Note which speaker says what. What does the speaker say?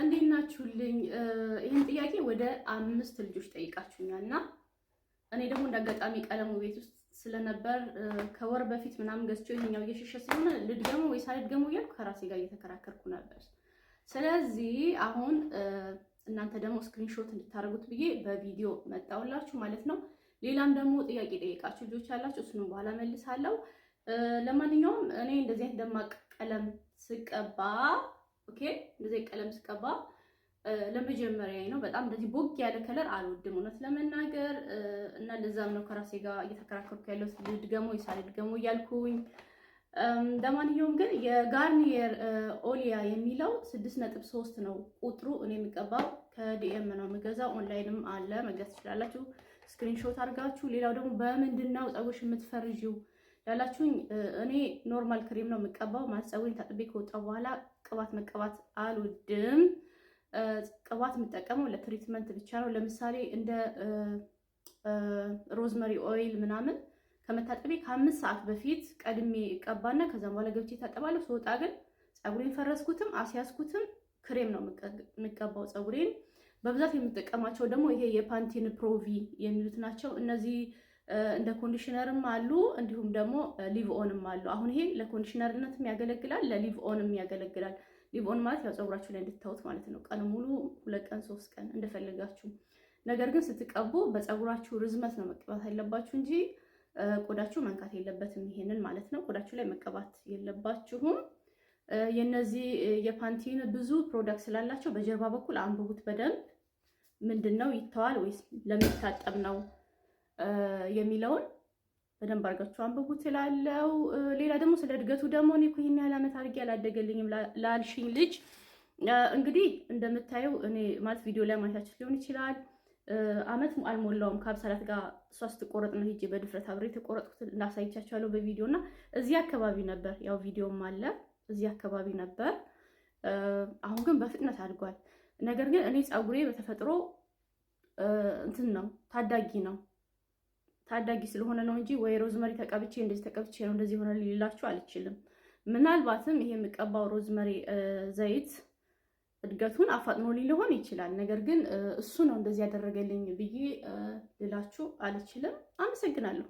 Speaker 1: እንዴት ናችሁልኝ? ይህን ጥያቄ ወደ አምስት ልጆች ጠይቃችሁኛል እና እኔ ደግሞ እንደ አጋጣሚ ቀለሙ ቤት ውስጥ ስለነበር ከወር በፊት ምናምን ገዝቼው ይሄኛው እየሸሸ ስለሆነ ልድገሙ ወይ ሳልድገሙ እያልኩ ከራሴ ጋር እየተከራከርኩ ነበር። ስለዚህ አሁን እናንተ ደግሞ ስክሪንሾት እንድታደርጉት ብዬ በቪዲዮ መጣውላችሁ ማለት ነው። ሌላም ደግሞ ጥያቄ ጠይቃችሁ ልጆች ያላችሁ እሱንም በኋላ መልሳለሁ። ለማንኛውም እኔ እንደዚህ አይነት ደማቅ ቀለም ስቀባ ኦኬ እንደዚህ ቀለም ስቀባ ለመጀመሪያ ነው። በጣም እንደዚህ ቦግ ያለ ከለር አልወድም እውነት ለመናገር እና ለዛም ነው ከራሴ ጋር እየተከራከርኩ ያለው ልድገሞ ይሳል ልድገሞ እያልኩኝ። ለማንኛውም ግን የጋርኒየር ኦሊያ የሚለው ስድስት ነጥብ ሶስት ነው ቁጥሩ። እኔ የሚቀባው ከዲኤም ነው የምገዛው። ኦንላይንም አለ መግዛት ትችላላችሁ፣ ስክሪንሾት አድርጋችሁ። ሌላው ደግሞ በምንድን ነው ፀጉርሽ የምትፈርዥው ያላችሁኝ እኔ ኖርማል ክሬም ነው የምቀባው። ማለት ፀጉሬን ታጥቤ ከወጣ በኋላ ቅባት መቀባት አልወድም። ቅባት የምጠቀመው ለትሪትመንት ብቻ ነው። ለምሳሌ እንደ ሮዝመሪ ኦይል ምናምን ከመታጠቤ ከአምስት ሰዓት በፊት ቀድሜ እቀባና ከዛም በኋላ ገብቼ ታጠባለሁ። ስወጣ ግን ፀጉሬን ፈረስኩትም አስያዝኩትም ክሬም ነው የምቀባው ፀጉሬን። በብዛት የምጠቀማቸው ደግሞ ይሄ የፓንቲን ፕሮቪ የሚሉት ናቸው እነዚህ እንደ ኮንዲሽነርም አሉ፣ እንዲሁም ደግሞ ሊቭ ኦንም አሉ። አሁን ይሄ ለኮንዲሽነርነትም ያገለግላል፣ ለሊቭ ኦንም ያገለግላል። ሊቭ ኦን ማለት ያው ፀጉራችሁ ላይ እንድታዩት ማለት ነው። ቀን ሙሉ ሁለት ቀን ሶስት ቀን እንደፈለጋችሁ። ነገር ግን ስትቀቡ በፀጉራችሁ ርዝመት ነው መቀባት ያለባችሁ እንጂ ቆዳችሁ መንካት የለበትም። ይሄንን ማለት ነው። ቆዳችሁ ላይ መቀባት የለባችሁም። የነዚህ የፓንቲን ብዙ ፕሮዳክት ስላላቸው በጀርባ በኩል አንብቡት በደንብ ምንድን ነው ይተዋል ወይስ ለሚታጠብ ነው የሚለውን በደንብ አድርጋችሁ አንብቡት እላለሁ። ሌላ ደግሞ ስለ እድገቱ ደግሞ እኔ እኮ ይሄን ያህል ዓመት አድርጌ አላደገልኝም ላልሽኝ ልጅ እንግዲህ እንደምታየው እኔ ማለት ቪዲዮ ላይ ማየታችሁ ሊሆን ይችላል። አመት አልሞላውም ከአብሳላት ጋር እሷ ስትቆረጥ ነው ሄጄ በድፍረት አብሬ የተቆረጥኩት እንዳሳይቻችኋለሁ በቪዲዮ እና እዚህ አካባቢ ነበር። ያው ቪዲዮም አለ እዚህ አካባቢ ነበር። አሁን ግን በፍጥነት አድጓል። ነገር ግን እኔ ፀጉሬ በተፈጥሮ እንትን ነው ታዳጊ ነው ታዳጊ ስለሆነ ነው እንጂ ወይ ሮዝመሪ ተቀብቼ እንደዚህ ተቀብቼ ነው እንደዚህ ሆነ ሊላችሁ አልችልም። ምናልባትም ይሄ የሚቀባው ሮዝመሪ ዘይት እድገቱን አፋጥኖ ሊሆን ይችላል። ነገር ግን እሱ ነው እንደዚህ ያደረገልኝ ብዬ ልላችሁ አልችልም። አመሰግናለሁ።